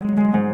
Thank you.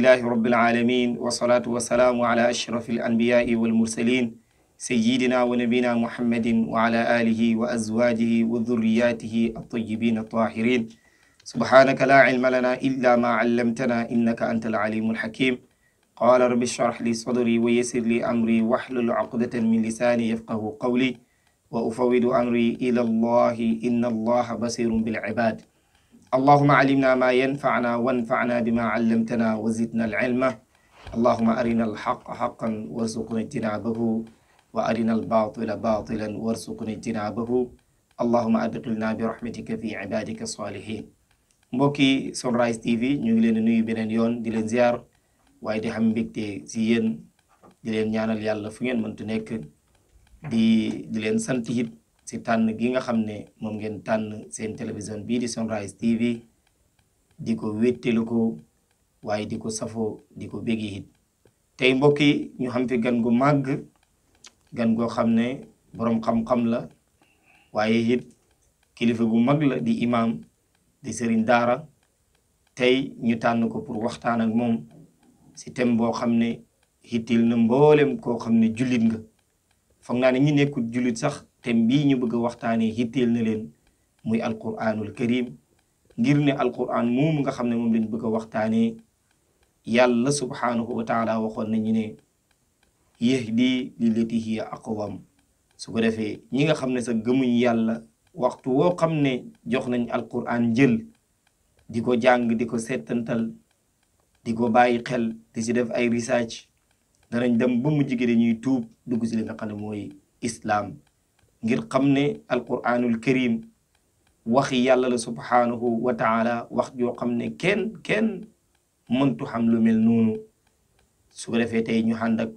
لله رب العالمين والصلاة والسلام على أشرف الأنبياء والمرسلين سيدنا ونبينا محمد وعلى آله وأزواجه وذرياته الطيبين الطاهرين سبحانك لا علم لنا إلا ما علمتنا إنك أنت العليم الحكيم قال رب اشرح لي صدري ويسر لي أمري واحلل عقدة من لساني يفقه قولي وأفوض أمري إلى الله إن الله بصير بالعباد اللهم علمنا ما ينفعنا وانفعنا بما علمتنا وزدنا العلم اللهم أرنا الحق حقا وارزقنا اجتنابه وأرنا الباطل باطلا وارزقنا اجتنابه اللهم أدخلنا برحمتك في عبادك الصالحين موكي Sunrise TV ñu ngi leen di nuyu beneen yoon di leen ziar waaye di xam mbégte si yéen di leen ñaanal yàlla fu ngeen mënti دي di di leen si tànn gi nga xam ne moom ngeen tànn seen télévision bii di Sunrise TV di ko wéttelu ko waaye di ko safoo di ko bégi it tey mbokk yi ñu xam fi gan gu màgg gan goo xam ne boroom xam-xam la waaye it kilifa gu mag la di imaam di sëriñ daara tey ñu tànn ko pour waxtaan ak moom si thème boo xam ne hittil na mboolem koo xam ne jullit nga foog naa ne ñi nekkul jullit sax thème bii ñu bëgg a waxtaanee yitteel na leen muy alquranul karim ngir ne alquran moomu nga xam ne moom lañ bëgg a waxtaanee yàlla subhaanahu wa taala waxoon nañu ne yahdi lillati hiya aqwam su ko defee ñi nga xam ne sa gëmuñ yàlla waxtu woo xam ne jox nañ alquran jël di ko jàng di ko settantal di ko bàyyi xel di si def ay research danañ dem ba mu jige dañuy tuub dugg si li nga xam ne mooy islaam ngir xam ne alquranul karim waxi yàlla la subhaanahu wa taala wax joo xam ne kenn kenn mëntu xam lu mel noonu su ko defee tey ñu ànd ak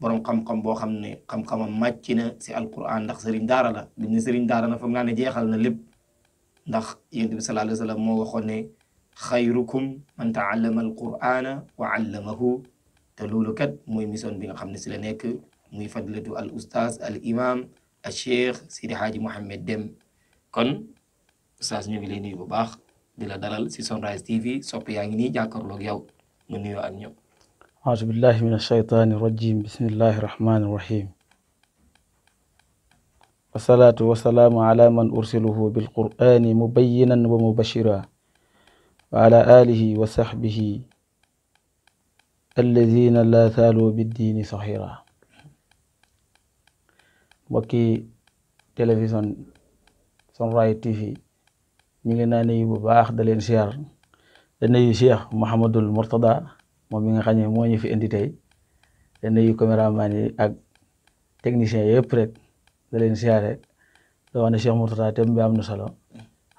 borom xam-xam boo xam ne xam-xamam màcc na si alquran ndax sëriñ daara la bi ñu sëriñ daara na fam naa ne jeexal na lépp ndax yonent bi sallallahu alayhi wa sallam moo waxoon ne xayrukum man taallama alqurana wa allamahu te loolu kat mooy mission bi nga xam ne si la nekk muy fadlatu al ustaz al imam الشيخ سيدي حاجي محمد ديم كن استاذ نيغي لي نيو باخ دي لا دالال سي سون رايز تي في سوب ياغي ني جاكور لوك ياو نو نيو اك نيو اعوذ بالله من الشيطان الرجيم بسم الله الرحمن الرحيم والصلاة والسلام على من أرسله بالقرآن مبينا ومبشرا وعلى آله وصحبه الذين لا ثالوا بالدين صحيحا mbokki télévision Sunrise TV ñu ngi naa nuyu bu baax da leen siyaar da nuyu Cheikh Mouhamadul Mourtada moom mi nga xam ne moo ñu fi indi tey da nuyu caméraman yi ak technicien yëpp rek da leen siyaare da wax ne Cheikh Mourtada thème bi am na solo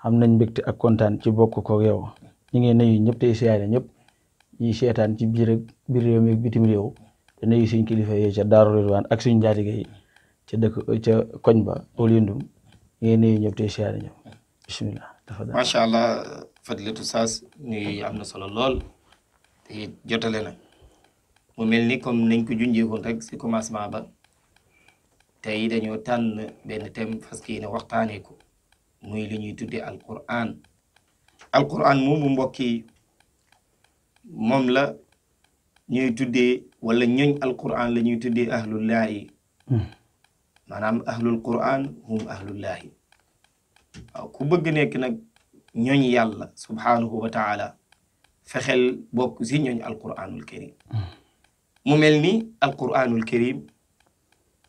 xam nañ mbégte ak kontaan ci bokk ko yow ñu ngi nuyu ñëpp tey siyaare ñëpp ñi seetaan ci biir biir réew mi bitim réew da nuyu suñ kilifa yi ca Daaru Ridwaan ak suñ njaatige yi ca ca koñ ba Olindum ngeen nuyu ñëpp tey siyaare ñëpp allah Fadilatou Saas nuyu am na solo lool te jotale na mu ni comme nañ ko junjeekoon rek si commencement ba tey dañoo tànn benn thème parce que yéen a waxtaanee ko muy li ñuy tuddee Alqur'an Alqur'an moomu mbokk yi moom la ñuy tuddee wala ñoñ Alqur'an la ñuy tuddee ahlullahi hmm. manam ahlul quran hum ahlullahi waaw ku bëgg nek nak ñoñ yàlla subhanahu wa taala fexeel bokk si ñooñ alquranul karim mu melni ni alquranul karim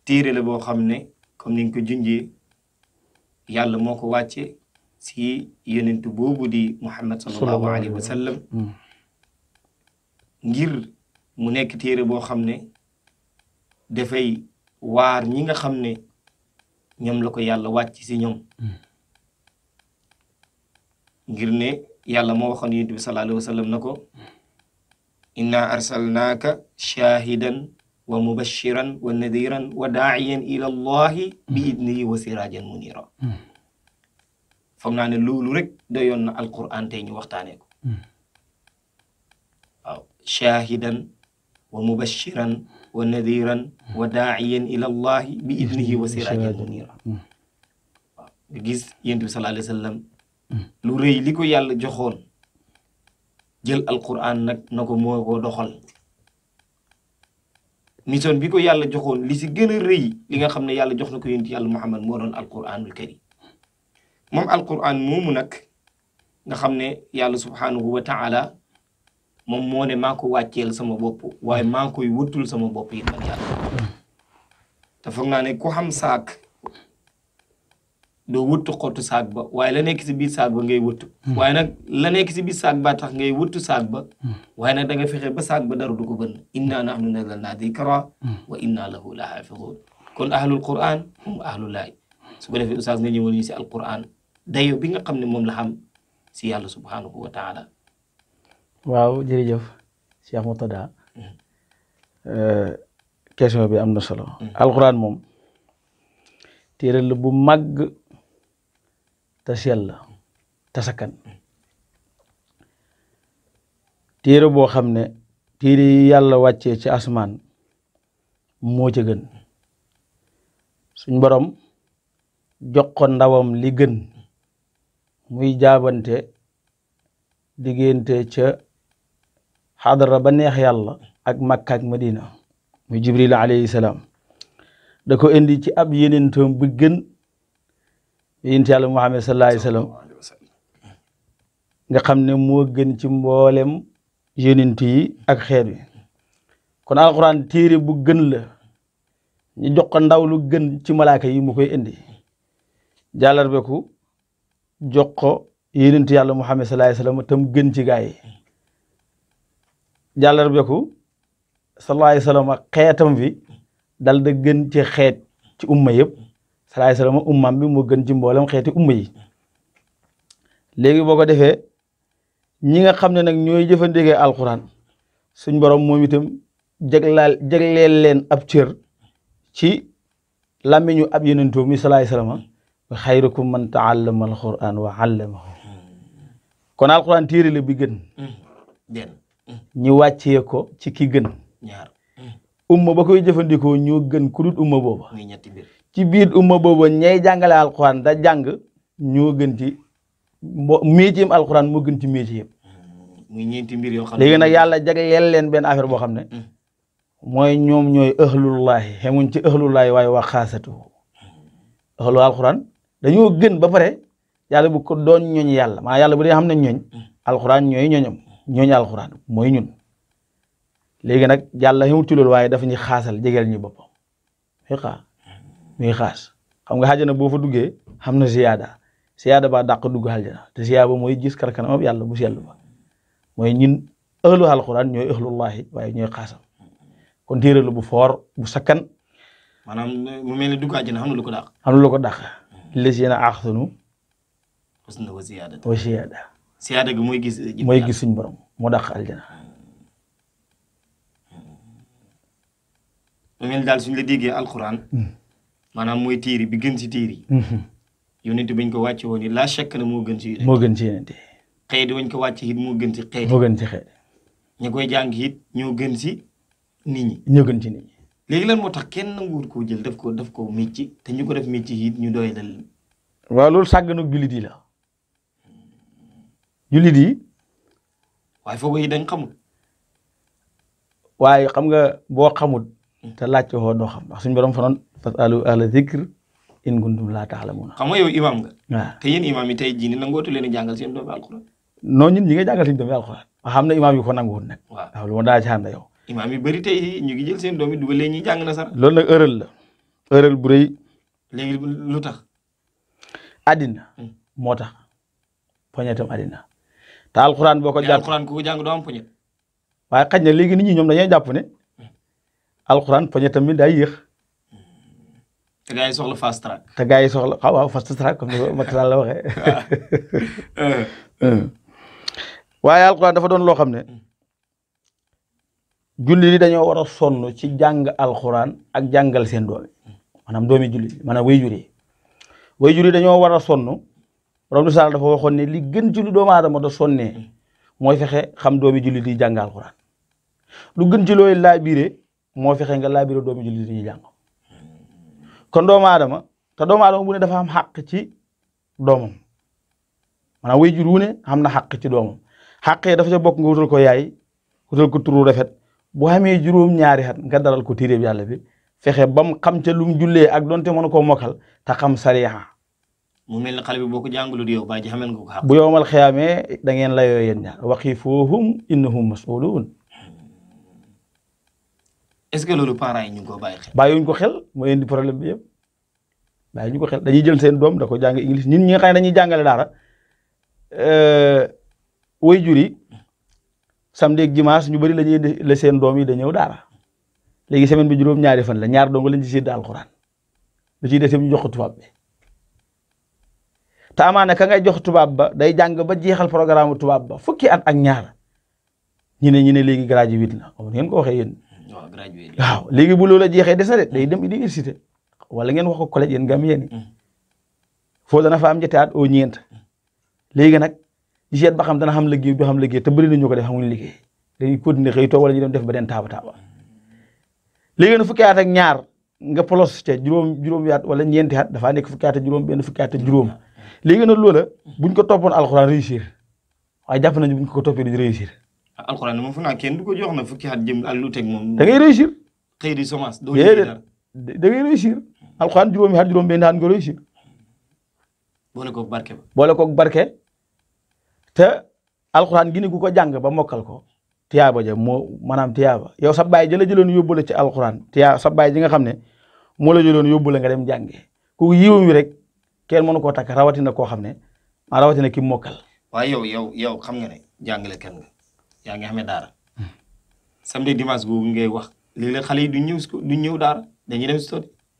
téere la bo xamné comme ni nga ko junjee yàlla moko wàcce si yenente bobu di muhammad sallallahu alaihi wasallam ngir mu nek téere bo xamné da fay waar ñi nga xam ne ñoom la ko yàlla wàcc si ñoom ngir ne yàlla moo waxoon yonent bi sallallahu alayhi wasallam sallam na ko inna arsalnaaka shahidan wa mubashiran wa nadiran wa daa'iyan ila allahi bi idnihi wa sirajan munira foog naa ne loolu rek da doyoon na alquran tey ñu waxtaanee ko waaw shahidan wa mubashiran ونذيرا وداعيا الى الله باذنه وسراجا منيرا غيس ينتبي صلى الله عليه وسلم لو ري ليكو يالا جوخون جيل القران نك نكو موكو دوخال ميسون بيكو يالا جوخون لي سي غينا ري ليغا خامن يالا جوخنكو ينت يالا محمد مودون القران الكريم مام القران مومو نك nga xamne yalla subhanahu wa ta'ala mom mo ne mako wakil sama bop way hmm. mako koy wutul sama bop yi man hmm. yàlla ta foog na ne ku xam saak doo wuttu xottu sak ba way la nek si bi sak ba ngay wut hmm. way nak la nek si bi sak ba tax ngay wut sak ba way nak da nga fexé ba sak ba daru du ko bënd inna nahnu nazzalna dhikra wa inna lahu lahafizun kon ahlul quran hum ahlullahi su ko defee oustaz nga ñëwul ci si alquran dayo bi nga xam mom la xam si yalla subhanahu wa taala waaw jërëjëf Cheikh Moutada euh, question bi am na solo. Hmm. alxuraan moom téere la bu màgg te sell la te sakkan téere boo xam ne téere yi yàlla wàccee ci asmaan moo ca gën suñ borom jox ndawam li gën muy jaabante diggante ca. حضر ba neex yàlla ak makka مدينة madina muy jibril alayhi salaam da ko indi ci ab yenentoom bu محمد صلى الله عليه وسلم nga xamne mo gën ci mbollem yonent yi ak xéer bi kon alquran téré bu gën la ñu jox ko ndaw lu gën ci malaaka yi mu koy indi jàllarbeku jox ko yonent yàlla muhammad sallallahu alayhi wasallam tam gën ci gaay yi jàllar beku sallallahu alayhi wa sallam xeetam fi dal da gën ci xeet ci umma yëpp sallallahu alayhi wa bi moo gën ci mboolem xeeti umma yi léegi boo ko defee ñi nga xam ne nag ñooy jëfandikoo alxuraan suñ borom moom itam jaglaal leen ab cër ci làmmiñu ab yonentu mi sallallahu alayhi wa sallam wa man taallama alxuraan wa allamahu kon bi gën hmm. ñu wàccee ko ci ki gën. ñaar umma ba koy jëfandikoo ñoo gën ku ñetti mbir ci biir uma boobo ñay jàngale alxuraan da jàng ñoo gën ci mbo métier alxuraan moo gën ci métier yëpp. muy ñeenti mbir yoo xam ne léegi nag leen benn affaire boo xam ne. Mm. mooy ñoom ñooy ahlullahi xemuñ ci ahlullahi waaye waa xaasatu ahlu alxuraan dañoo gën ba pare yàlla bu ko doon ñooñ yàlla maanaam yàlla bu dee xam ne ñooñ mm. alxuraan ñooñu alxuraan mooy ñun léegi nag yàlla yëngu ci loolu waaye dafa ñuy xaasal jegeel ñu boppam muy xaar muy xaas xam nga xaajana boo fa duggee xam na ziyaada ziyaada ba dàq dugg xaajana te ziyaada ba mooy gis karkanam yàlla bu sell ba mooy ñun ëhlu alxuraan ñooy ëhlullahi waaye ñooy xaasal kon téere lu bu foor bu sakkan. maanaam mu mel dugg àjjana xam lu ko dàq. xam na lu ko dàq. li si yéen a ziyaada siyaada gi mooy gis. mooy gis suñu borom moo dàq aljana. mu daal suñ la déggee alxuraan. Hmm. maanaam mooy téere bi gën si téere yi. Hmm. bañ ko wàcce woon la shakk na moo gën si. moo gën si yonent xeet ko wàcce it moo gën si xeet. moo gën si xeet. ñi koy jàng it ñoo gën si nit ñi. ñoo gën si nit ñi. moo tax kenn nanguwul koo jël daf ko daf ko micc te ñu ko def micc it ñu doy la. waaw loolu sàgganu jullit yi jullit yi. waaye foofu yi dañ xamul. waaye xam nga boo xamul. Hmm. te laajte woo doo xam ndax suñu borom fanoon fasalu ahla zikr in kuntum laa ta'lamuuna. xam nga yow imaam nga. waaw te yéen imaam yi tey jii nii nangootu leen jàngal seen doomi alxuraan. non ñun ñi nga seen doomi alxuraan. xam na imaam yi ko nanguwul nag. waaw waaw lu ma daa ci ànd yow. imaam yi ñu ngi seen doom yi dugalee ñuy jàng na sax. loolu nag erreur la erreur bu rëy. léegi lu tax. addina. Hmm. moo tax poñetam ta alquran boko jang alquran alxuraan ku ko jàng am poñet waaye xaj na nit ñi ñom dañuy japp ne alquran poñetam tammi day yex te gaay soxla fast track. te gaay soxla ah waaw fast track comme ma ko la waxe hmm. waaye alquran dafa doon lo xamne julli li dañoo wara sonu ci jang alquran ak jangal sen doom manam doomi julli manam way jur way dañoo wara sonu borom Risaala dafa waxoon ne li gën ci lu do aadama da mooy fexe xam doomi julli yi jàng alxuraan lu gën ci looy laabiré moo fexe nga laabiré doomi jullit yi jàng kon doomu aadama te doomu aadama bu ne dafa am xàq ci doomam maanaam waajur wu ne am na xaq ci doomam xàq yi dafa ca bokk nga wutal ko yaay wutal ko turu rafet bu amee juróom-ñaari at nga daral ko téeréb yàlla bi fexe bam xam ca lum jullee ak donte mënu koo mokkal te xam sariya mu mel ne xale bi boo ko jàngalul yow baa ji xamel nga ko xam. bu yowmal xiyaamee da ngeen layoo yéen ñaar waqifuhum innahum mas'uluun. est-ce que loolu parents yi ñu ngi ko bàyyi xel. bàyyiwuñ ko xel mooy indi problème bi yëpp bàyyiwuñ ko xel dañuy jël seen doom da ko jàng English ñun ñi nga dañuy jàngale daara euh, waajur yi samedi ak dimanche ñu bari la ñuy la seen doom yi da ñëw daara léegi semaine bi juróom-ñaari fan la ñaar dong lañ ci sédd alxuraan lu ciy des ñu jox tubaab bi te amaana ka ngay jox tubaab ba day jàng ba jeexal programme tubaab ba fukki at ak ñaar ñu ne ñu ne léegi graduate la xam ngeen ko waxee yéen. waaw graduate waaw léegi bu jeexee des na dem université wala ngeen wax ko collège yéen gam yéen mm. foo dana fa am ñetti at oo ñeent léegi nag seet ba xam dana xam liggéey du xam liggéey te bëri na ñu ko def xamuñu liggéey dañuy continuer xëy toog wala ñu dem def ba den taaba taaba léegi nag fukki at ak ñaar nga polos ca juróom juróom yaat wala ñeenti at dafaa nekk fukki at ak juróom benn fukki at ak juróom léegi nag loola buñ ko toppoon alxuraan réussir waaye jàpp nañu buñ ko toppee duñ réussir. alxuraan moom du ko jox na fukki at jëm ak lu teg moom. da ngay réussir. xëy di semence doo da ngay réussir. alxuraan juróomi at juróom benn at nga réussir. boole koog barke ba. boole koog barke te alxuraan ku ko jàng ba mokkal ko. tiyaaba ja moo maanaam tiyaaba yow sa baay ji la jëloon yóbbu la ci alxuraan tiyaa sa baay ji nga xam ne moo la jëloon yóbbu la nga dem jànge ku yiw wi rek kenn mënu koo takk rawatina koo xam ne maa ah, rawatina ki mokkal. waaye yow yow yow xam nga ne jàngale kenn nga yaa ngi xamee daara samedi dimanche boobu ngay wax léeg-léeg xale yi du ñëw du ñëw daara dañuy dem si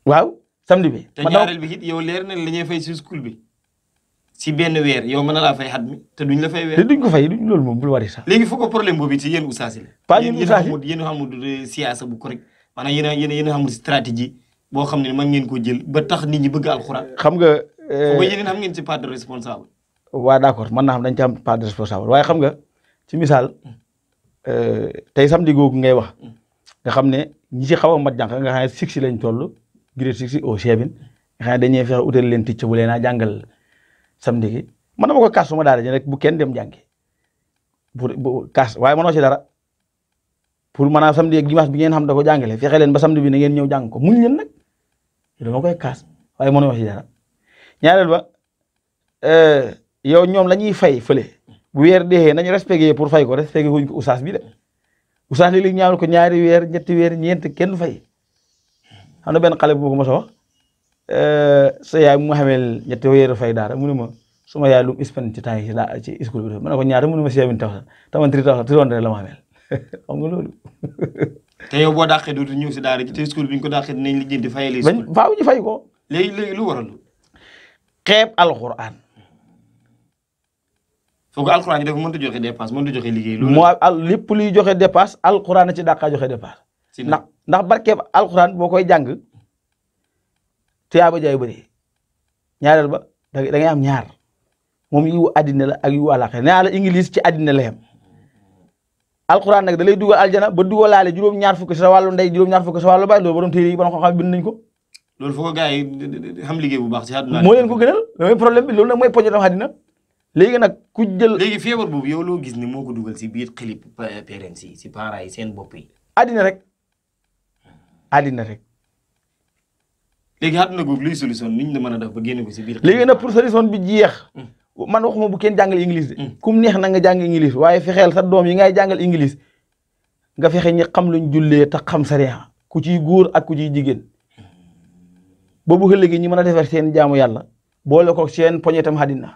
waaw samedi bi. te ñaareel bi it yow na la ñuy fay si school bi si benn weer yow mën na laa fay xat mi te duñ la fay weer. te duñ ko fay duñ loolu moom bul wari sax. léegi foog ko problème boobu ci yéen ustaas yi la. pas yéen ustaas yi yéen xamul siyaasa bu correct maanaam yéen a yéen a xamul boo xam ne ma ngeen ko jël ba tax nit ñi bëgg alxuraan. xam foog eh, yéen xam ngeen ci part de responsable. waaw d' accord mën naa xam dañ ci am part de responsable waaye xam nga ci misaal eh, tey samedi googu ngay wax nga xam ne ñi ci xaw a mat jànq nga xam ne six si lañ toll grade six au oh, seven nga xam ne dañuy fexe leen ticc bu leen a jàngal samedi gi mën na ma ko kaas su daal rek bu kenn dem jàngi pour bu kaas waaye mënoo ci dara pour maanaam samedi ak dimanche bi ngeen xam da ko jàngale fexe leen ba samedi bi na ngeen ñëw jàng ko mu muñ leen nag dama koy kaas waaye mënoo ci dara. ñaareel ba eh, yow ñoom la ñuy fay fële bu weer dee nañu respecté pour fay ko respecté wuñ ko oustaz bi de oustaz li léeg ñaawal ko ñaari weer ñetti weer ñeent kenn fay xam na benn xale bu ko mos a wax sa yaay mu xamel ñetti weer fay daara mu ne ma suma yaay lu mu ispan ci temps yi ci school bi ma ne ko ñaata mu ne ma si yaay taw sax taman tri taw la ma xamel xam loolu. te yow boo dàqee dootu ñëw si daara ci te school bi ñu ko dàqee dinañ lijjanti fayal. bañ faaw ñu fay ko. xeb alquran foog alquran def mën mënut joxe dépasse mën a joxe liggéey. loolu mo al lépp luy joxe dépasse alquran ci daqa joxe dépasse ndax ndax barkeeb alxuraan boo koy e jàng tuyaaba jaay bëri ba da ngay am ñaar mom yi wu adina la ak yu wala nee naa English ci adina la yam alquran nak dalay duggal aljana ba duggalale juróom-ñaar fukk sa walu nday juróom-ñaar fukk sa walu baay loolu borom teeri ban ko xam bin nañ ko. loolu foog gars yi xam liggéey bu baax si àdduna. leen ko gënal mooy problème bi loolu nag mooy poñu tam àddina léegi nag ku jël. léegi feebar boobu yow loo gis ni moo ko dugal si biir xilib parents yi si parents yi seen bopp yi. àddina rek àddina rek. léegi àdduna googu luy solution ni ñu la mën a def ba génne ko si biir. léegi nag pour solution bi jeex. Hmm. man waxuma bu kenn jàngal English de. Hmm. kum neex na nga jàng English waaye fexeel sa doom yi ngay jàngal English nga fexe ñi xam luñ jullee te xam sariya ku ciy góor ak ku ciy jigéen. boobu xëy léegi ñu mën a defar seen jaamu yàlla boole ko seen poñetam àddina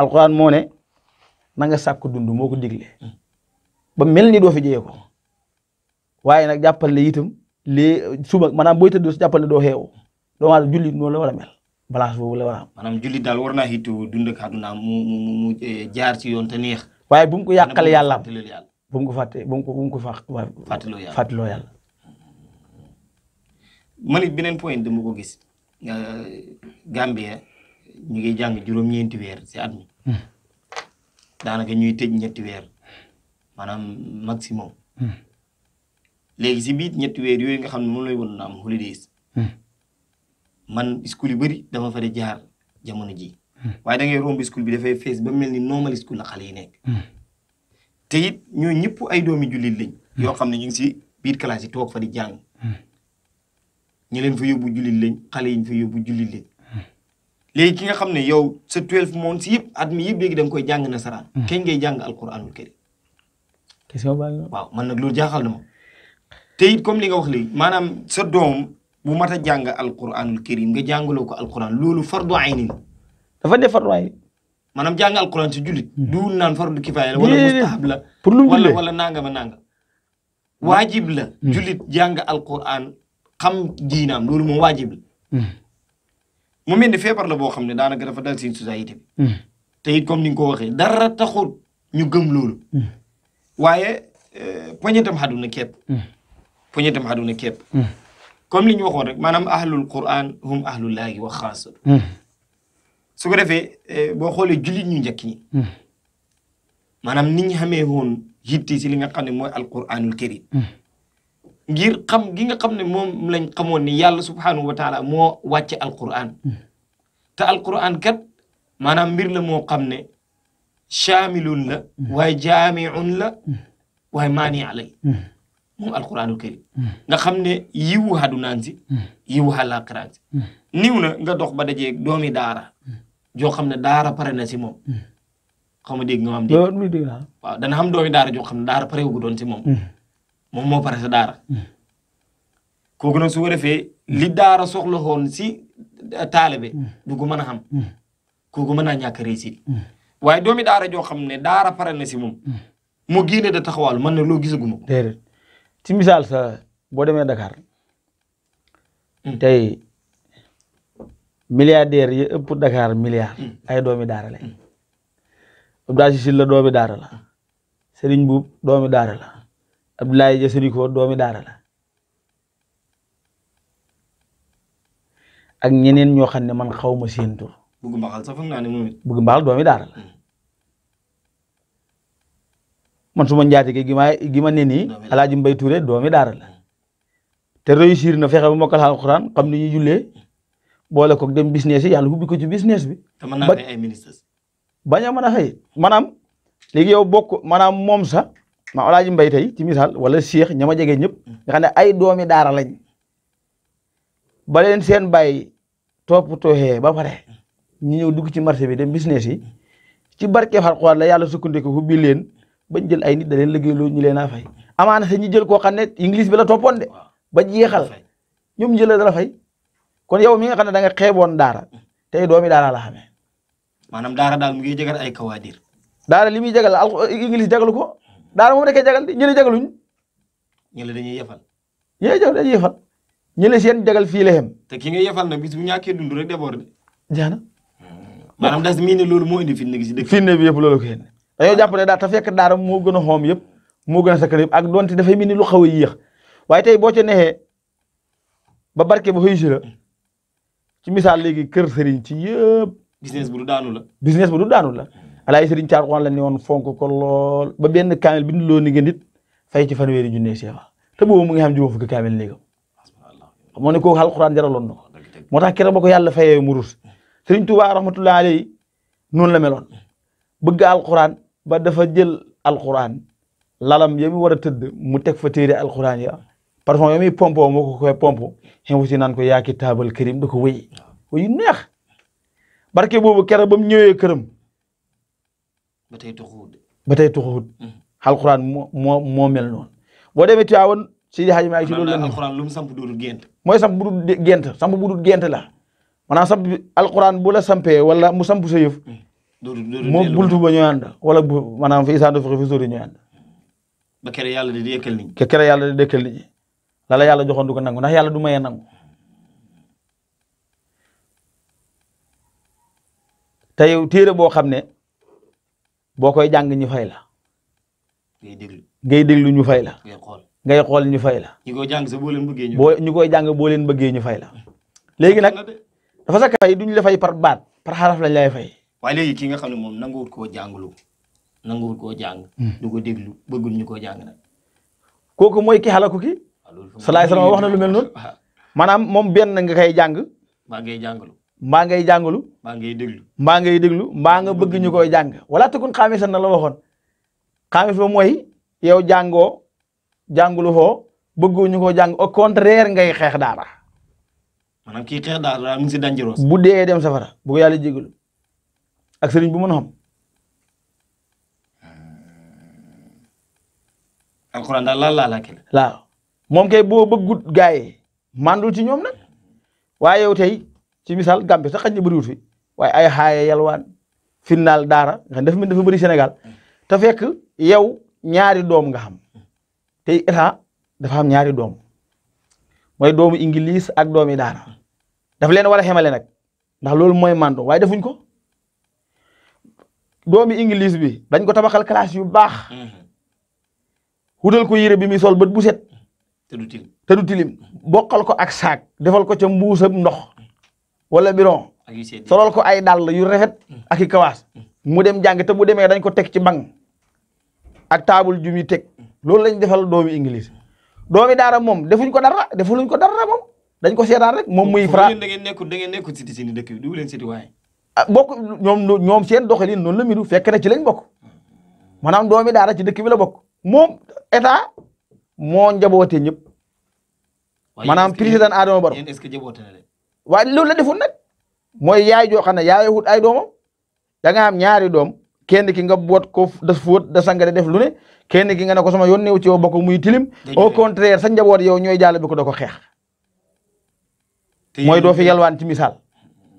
alquran moo ne na nga sàkk dund moo ko digle ba mel ni doo fi jëyee ko waaye nag jàppale ne itam lii suba maanaam booy tëdd jàppale doo xeew doo maa jullit noonu la war a mel balance boobu la war a am. maanaam jullit daal war naa xiitu dund ak àdduna mu mu mu eh, jaar ci yoon te neex. waaye bu mu ko yàqalee yàlla bu mu bu mu ko bu mu ko fàttaloo man it beneen point dama ko gis euh, Gambia ñu ngi jàng juróom-ñeenti weer si at mi hmm. daanaka ñuy tëj ñetti weer maanaam maximum hmm. léegi si biir ñetti weer yooyu nga xam ne moom lay woon na am holidays hmm. man school yu bari dama fa di jaar jamono ji waaye da ngay romb school bi dafay fees ba mel ni normal school la xale yi nekk te it ñoo ñëpp ay doomi jullit lañ yoo xam ne ñu ngi si biir classe yi toog fa di jàng ñi leen fa yóbbu jullit lañ xale yi ñu fa yóbbu jullit lañ ki nga xam ne yow sa 12 mois si yëpp at mi yëpp léegi da nga koy jàng nasaraan. Hmm. kañ ngay jàng alquranul karim. question baa ngi man na ma te comme li nga wax maanaam sa doom bu mat a jàng alquranul karim nga jàngaloo ko alquran loolu fardu ayni la. dafa def fardu ayni. maanaam jàng alquran si jullit. Hmm. duwul naan fardu kifaaya la wala la. pour lu mu wala wala nangama nanga waajib la. Hmm. jullit jàng alquran. xam diinaam loolu moom waajib la. Hmm. mu mel ni feebar la boo xam ne daanaka dafa dal seen société bi. Hmm. te it comme ni nga ko waxee dara taxul ñu gëm loolu. Hmm. waaye euh, poñetam àdduna képp. poñetam àdduna képp. comme li ñu waxoon rek maanaam ahlul quran hum ahlullaahi wa xaasatu. su ko defee euh, boo xoolee jullit ñu njëkk ñi. maanaam ni ñu xamee yitti si li nga xam ne mooy alquranul karim ngir xam gi nga xam ne moom lañ xamoon ni yàlla subhanahu wa taala moo wàcce alquran hmm. te alquran kat maanaam mbir la moo xam ne chaamilun la hmm. waaye jaamiun la hmm. waaye maani alay moom alquranul karim nga xam ne yiwu hadunaan si yiwu halaaxiraan si niw nga dox ba dajee doomi daara joo xam ne daara pare na si moom xaw ma dégg nga maam dana xam doomi daara joo xam ne daara pare wu doon si moom moom moo pare sa daara hmm. kooku nag su ko defee li hmm. daara soxla woon si eh, taalibe hmm. du ko mën a xam kooku mën naa ñàkk a réussir waaye doomi daara joo xam ne daara pare na si moom mu génne da taxawal man na loo gisaguma ko déedéet ci misaal sa boo demee Dakar tey milliardaires yi ëpp Dakar milliard ay doomi daara lañ Abdou Aziz Sy la doomi daara la Serigne Boub doomi daara la Abdoulaye Dia Sodiko doomi daara ak ñeneen ñoo xam ne man xaw ma seen tur. bëgg mbaxal naa ne moom it. bëgg doomi daara hmm. man su ma njaatige gi ma gi ma ne nii. Alaaji Mbay Touré doomi daara la te réussir na fexe ba mokkal alxuraan xam ni ñuy jullee boole koog dem business yi ku ubbi ko ci business bi. te mën naa ay ministres. bañ a mën a maanaam léegi yow bokk maanaam moom sax. ma Alaaji Mbay tey ti misaal wala Cheikh ña ma jege ñëpp nga xam ne ay doomi daara lañ ba leen seen bàyyi toppatoo xee ba pare ñu ñëw dugg ci marché bi dem business yi ci barke Alxuraan la yàlla sukkandiku ko bi leen bañ jël ay nit da leen liggéeyloo ñu leen a fay amana sa ñu jël koo xam ne English bi la toppoon de ba jeexal ñoom jël la fay kon yow mi nga xam ne da nga xeeboon daara tey doomi daara la xamee. maanaam daara daal mu ngi jagal ay kawaadir. daara li muy English ko. daara moom da koy jagal de ñële jagaluñ. ñële dañuy yefal. ñële jagal dañuy yefal ñële seen jagal fii la yem. te ki nga yefal nag bis bu ñàkkee dund rek déborde. jaana. maanaam das mii ne loolu moo indi fitna gi si dëkk. fitna bi yëpp loolu ko yéen dañoo jàpp ne daal te fekk moo gën a xoom yëpp moo gën a sakkan yëpp ak donte dafay mel ni lu xaw a yéex waaye tey boo ca neexee ba barke ba xëy si la ci misaal léegi kër sëriñ ci yëpp. business bu du daanu la. business bu du daanu la. alaay sëriñ Thiar Xuraan la ne woon fonk ko lool ba benn kaamil bi loo ni nit fay ci fanweeri junne seexa te boobu mu ngi xam juróom fukki kaamil néegam moo ne kooku alxuraan jaraloon na ko moo ta keroog ba ko yàlla fayee mu rus sëriñ Tuubaa rahmatullahi alayhi noonu la meloon bëgg alxuraan ba dafa jël alxuraan lalam ya mu war a tëdd mu teg fa téere alxuraan ya parfum ya muy pompo moo ko koy pompo xin fu si ko yaa kitaabal karim da ko wéy wéyu neex barke boobu keroog ba tey tuxuwut tey tuxuwut mm-hmm. alxuraan moo moo mel noonu boo demee Tiwaawan Seydi Hadji Maalik si loolu la alxuraan lu mu samp mooy samp bu dul samp bu dul la maanaam samp alxuraan bu la sampee wala mu samp sa yëf moo mm-hmm. bultu ba ñooy wala bu maanaam fi isaan fi sóori ñooy ànd mm-hmm. ba kere yàlla di dekkal ke kere yàlla di dekkal nit ñi la la yàlla joxoon ko nangu ndax yàlla du maye nangu te yow téere boo xam ne boo koy jàng ñu fay la. ngay déglu ngay déglu ñu fay la. ngay xool ngay xool ñu fay la. ñu koy jàng sa boo leen bëggee ñu. ñu koy jàng boo leen bëggee ñu fay la. léegi nag dafa sakk fay duñ la fay par baat par xaraf lañ lay fay. waaye léegi ki nga xam ne moom nanguwul koo jàngalu nanguwul koo jàng. Hmm. du ko déglu bëggul ñu koo jàng kooku mooy ki xalaku ki. Ah, salaay salaam wax na lu mel noonu. maanaam moom benn nga koy jàng. maa ngay jàngalu. mangai ngay mangai ma ngay deglu ma ngay deglu ma nga bëgg ñu koy wala tukun khamisa na la waxon khamis ba moy yow jango jangulu ho bëgg ñu ko jàng au contraire ngay xex dara manam ki xex dara mu ngi si bu dé dem safara bu yalla jéggul ak sëriñ bu euh, la la la mom kay bo bëggut gaay mandul ci ñom nak waye yow tay ci misaal Gambie sax xaj na bëriwul fi waaye ay xaaye yalwaan finnaal daara nga xam dafa mel dafa bëri Sénégal te fekk yow ñaari doom nga xam te état dafa am ñaari doom mooy doomu English ak doomi daara daf leen war a xemale nag ndax loolu mooy mando waaye defuñ ko doomi English bi dañ ko tabaxal classe yu baax wutal ko yére bi muy sol bët bu set te du tilim bokkal ko ak saak defal ko ca mbuusam ndox wala biron solol ko ay dàll yu rafet mm. ak i kawaas mm. mu dem jàng te bu demee dañ ko teg ci bang ak taabul ju muy teg mm. loolu lañ defal doomi English doomi daara moom defuñ ko dara defuluñ ko dara moom dañ ko seetaan rek moom muy fra da ngeen nekkul da ngeen nekkul siti seen dëkk bi du leen siti waaye ah, bokk ñoom ñoom seen doxalin noonu la midu fekk na ci lañ bokk maanaam doomi daara ci dëkk bi la bokk moom état moo njabootee ñëpp maanaam président Adama Barrow est-ce que jaboote wa loolu la deful nag mooy yaay joo xam ne yaayoo ay doomam da nga am ñaari doom kenn ki nga boot ko da fóot da sangare def lu ne kenn ki nga ne ko sama yoon néew ci yow bokk muy tilim. au contraire sa njaboot yow ñooy jàll bi ko da ko xeex. mooy doo fi yalwaan ci misaal.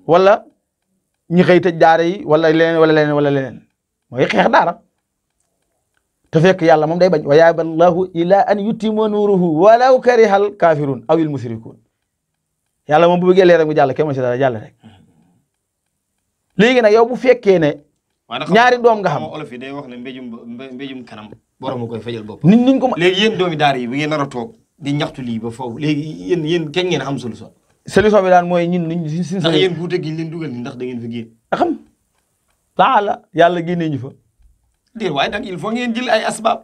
wala ñi xëy tëj daara yi wala leneen wala leneen wala leneen mooy xeex daara. te fekk yàlla moom day bañ wa yaaba allahu ila an yutima nuruhu walaw karihal kafirun awil mushrikun yàlla moom bu bëggee leer rek mu jàll kenn mu si dara jàll rek léegi nag yow bu fekkee ne. ñaari doom nga xam olof yi day wax ne mbéjum mbéjum kanam. borom a koy fajal bopp. nit ñi ko ma léegi yéen doomi daara yi bi ngeen nar a toog di ñaxtu lii ba foofu léegi yéen yéen kañ ngeen am solution. solution bi daan mooy ñun ñun suñ suñ. ndax yéen guute gi leen dugal nii ndax da ngeen fi génn. Ah, xam taala ah, yàlla génnee ñu fa. déet waaye nag il faut ngeen jël ay asbaab.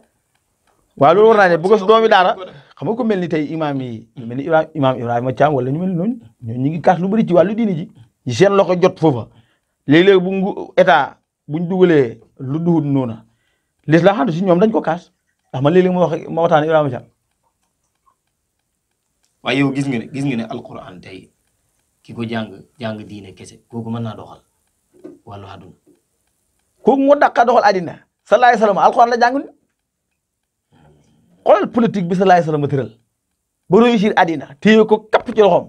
waaw loolu war naa ne bu ko doomi daara xam nga ko mel ni tey imaam yi ñu mel ni imaam Ibrahima Thiam wala ñu mel noonu ñu ngi kaas lu bëri ci wàllu diini ji ñu seen loxo jot foofa léeg-léeg bu état buñ dugalee lu duhut noona l'islam xam si ñoom dañ ko kaas ndax man léeg-léeg ma wax ma waxtaan Ibrahima Thiam. waaye gis nga ne gis nga ne alquran tey ki ko jàng jàng diine kese kooku mën naa doxal wàllu àdduna. kooku moo dàqa doxal àddina sallallahu alayhi wa sallam alquran la xolal politique bi sallallahu alayhi wa teural tëral ba réussir àddina téye ko kap ci loxom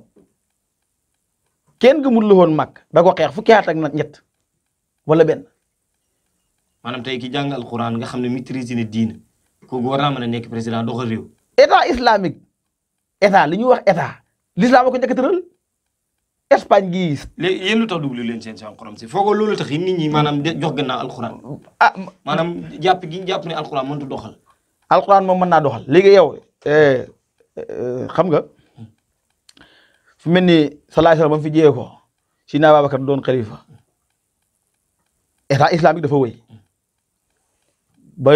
kenn gëmul la woon mag da ko xex fukki at ak ñet wala ben manam tay ki jàng alquran nga xamne ne maîtrise na diine kooku war naa mën a nekk président doxal réew. état islamique état li ñuy wax état l'islam ko ñëk teural Espagne gi léegi yéen lu tax duglu leen seen si alquran ci fogo lolu tax nit ñi manam jox gannaaw alquran. ah maanaam jàpp gi jàpp ne alquran mënut doxal. alxuraan moom mën naa doxal léegi yow eh, eh, xam nga fu mel ni salaay salaam ba mu fi jiyee ko si naa Babacar doon xalifa état islamique dafa wëy ba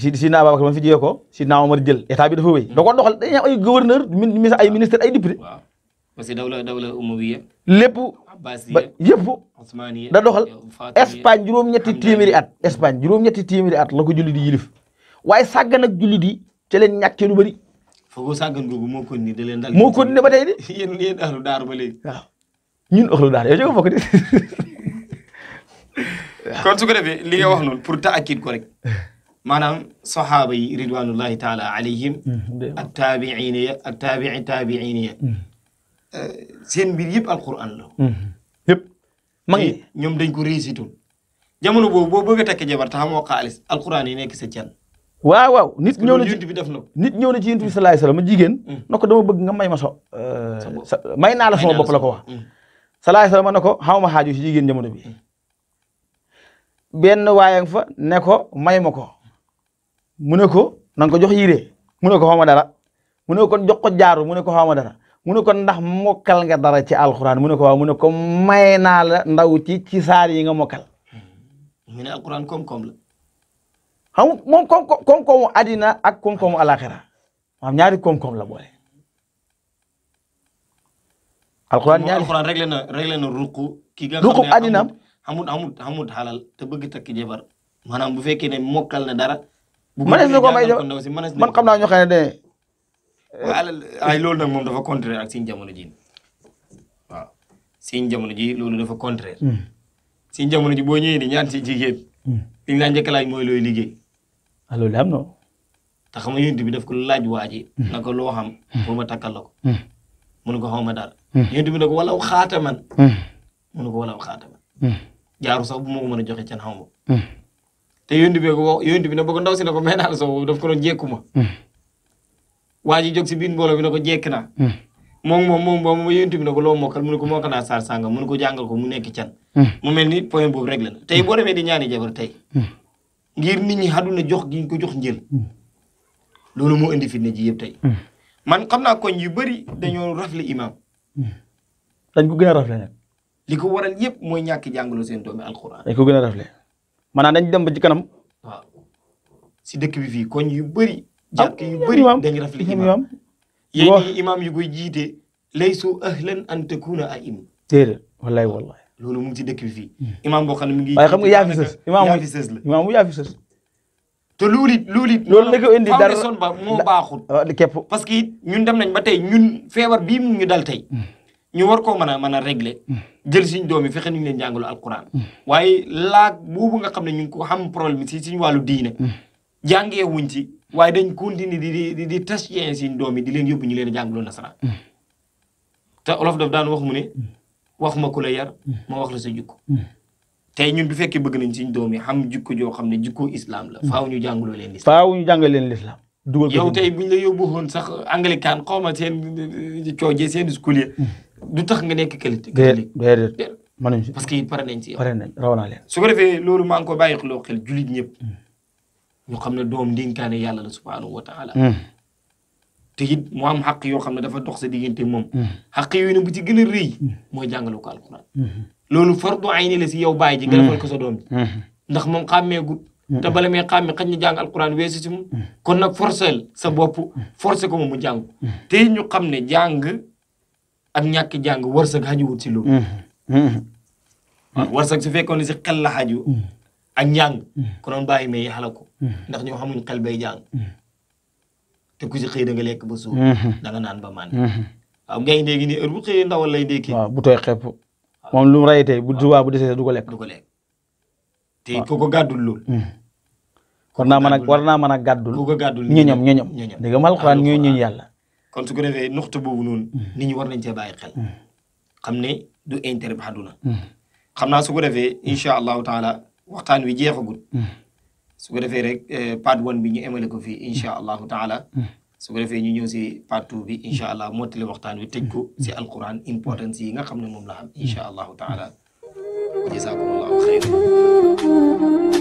si si naa Babacar ba mu fi jiyee ko si naa Omar jël état bi dafa wëy. da ko doxal dañuy am ay gouverneur min ay ministre ay député. waaw parce que dawla dawla umawiya lépp ba yëpp da doxal Espagne juróom-ñetti téeméeri at Espagne juróom-ñetti téeméeri at la ko julli di yilif waaye sàggan ak jullit yi ca leen ñàkkee lu bëri. foogoo sàggan googu moo ko ni da leen moo ko ni ba tey de. ba léegi. waaw ñun ahlu daara yow ci ko bokk defee li wax noonu pour taakid ko rek maanaam saxaaba yi ridwanullahi taala alayhim mm, ak taabiin ya ak taabii mm. eh, seen mbir yëpp alquran la mm, yëpp ma ngi eh, ñoom dañ ko réussitul jamono boobu boo bëgg a takk jabar te xamoo xaalis alquran yi nekk sa can waaw waaw nit ñëw na ci nit ñëw na ci yonent bi salaay salaam ma jigéen. Mm. na ko dama bëgg nga may ma so. Euh, may naa la sama bopp la ko wax. salaay mm. salaam ma ne ko xaw ma xaaju si jigéen jamono bi. Mm. benn waayang fa ne ko may ma ko. mu ne ko na ko jox yire mu ne ko xaw ma dara. mu ne kon jox ko jaaru mu ne ko xaw ma dara. mu ne ko ndax mokkal nga dara ci alxuraan mu ne ko mu ne ko may naa la ndaw ci ci saar yi nga mokkal. ñu ne xam moom koom-koomu àddina ak koom-koomu alaxira maanaam ñaari koom-koom la boole. alxuraan ñaari alxuraan réglé na réglé na ruqu. ki nga xam ne àddinaam xamut xamut te bëgg takki jabar maanaam bu fekkee ne mokkal na dara. bu mënees na ko may man xam naa ñoo xam eh, loolu nag moom dafa contraire ak seen jamono ji waaw seen ji loolu dafa contraire. Hmm. seen jamono ji boo ñëwee di ñaan si jigéen. Hmm. li ñu la njëkk laaj mooy looy liggéey. ah loolu am na. te xam nga yonent bi daf ko laaj waa ji. na loo xam. pour ma takkal la ko. Hmm. mu ne ko xaw ma dara. Hmm. yonent bi ne ko walaw xaataman. Hmm. mu ne ko walaw xaataman. jaaru sax bu ma ko mën a joxe can xaw ma. te yonent bi ko wax yonent bi ne ba ko ndaw si ne ko may naa la daf ko doon jékku ma. waa ji jóg si biir mbooloo bi ne ko jékki naa. moom moom moom moom yonent bi ne ko loo mokkal mu ne ko mokkal naa saar sàngam mu ne ko jàngal ko mu nekk can. mu mel ni point boobu réglé na tey boo demee di ñaani jabar tey. ngir nit ñi àdduna jox gi ñu ko jox njël hmm. loolu moo indi fitna ji yëpp tey. Hmm. man xam naa koñ yu bari dañoo rafle imaam. Hmm. dañ ko gën a rafle nag. li ko waral yëpp mooy ñàkk a seen doomi alxuraan. dañ ko gën a rafle maanaam dañ dem ba ci kanam. waaw si dëkk bi fii koñ yu bari jàkk yu bëri dañ rafle imaam yéen ñi imaam koy jiite laysu ahlan an takuna aim. téere loolu mu ngi dëkk bi fii. Hmm. imaam boo xam ne mu ngi. waaye xam nga yaa fi sës fi sës la imaam yaa fi sës. te loolu it loolu it. loolu la ko indi dara Fatou ba moo baaxul. képp parce que ñun dem nañ ba tey ñun feebar bii mu ñu dal tey. Hmm. ñu war koo mën a mën a régler. Hmm. jël suñu doom yi fexe ñu leen jàngalu alquran. waaye laag boobu nga xam ne ñu ngi ko xam problème si suñu wàllu diine. jàngee ci waaye dañ continuer di di di tas yeen suñu doom yi di leen yóbbu ñu leen a jàngalu nasaraan. te olof daf daan wax mu ne. waxuma ku la yar ma wax la sa jikko tey ñun bu fekkee bëgg nañ suñ doom yi xam jikko joo xam ne jikko islam la faaw ñu jàngaloo leen lislaam faaw ñu jàngal leen lislaam dugal yow tey buñ la yóbbu woon sax anglican xawma seen euh, coojee seen school ya hmm. du tax nga nekk catholique déedéet mënuñ si parce que pare nañ si pare nañ raw naa leen su ko defee loolu maa ngi ko bàyyi xeloo xel julit ñëpp hmm. ñu xam ne doom ndénkaane yàlla la subhanahu wa taala hmm. te it mu am xaq yoo xam ne dafa dox sa diggante moom. Mm-hmm. xaq yooyu nag bu ci gën a mooy jàngalu ko alxuraan. Mm-hmm. loolu fardu ayni la si yow bàyyi ji. nga defal ko sa doom bi. Mm-hmm. ndax moom xàmmeegul. te bala may xàmme xaj na jàng alxuraan weesu si moom. kon nag forcel sa bopp forcé ko moom mu jàng. te ñu xam ne jàng ak ñàkk jàng wërsëg xajuwut si loolu. waaw wërsëg su fekkoon ne si xel la xaju. ak njàng. konoon bàyyi may yàlla ko. ndax ñoo xamuñ xel bay jàng. te ku si xëy da nga lekk ba suur. Mhm. da nga naan ba maan. Mhm. waaw ngay ndéegi nii heure bu xëyee ndawal lay ndékki. waaw bu tooy xepp moom lu mu raytee bu subaa bu desee du ko lekk. du ko lekk te ku ko gàddul lool. Mhm. kon naa mën a war naa mën a gàddul. ku ko gàddul ñoñom ñoñom. ñoñom dégg nga ma alxuraan ñooy ñuñ yàlla. kon ko defee nuxtu boobu noonu. nit war nañ cee bàyyi xel. xam ne du intérêt ba àdduna. xam naa su ko defee incha allahu taala waxtaan wi jeexagut. su ko defee rek eh, part one bi ñu emale ko fii incha mm. allahu taala mm. su ko defee ñu ñëw si part two bi incha allah mootle waxtaan wi tëj ko mm. si alquran importance yi nga xam ne moom laa am allah allahu taala jazakumullahu xeyr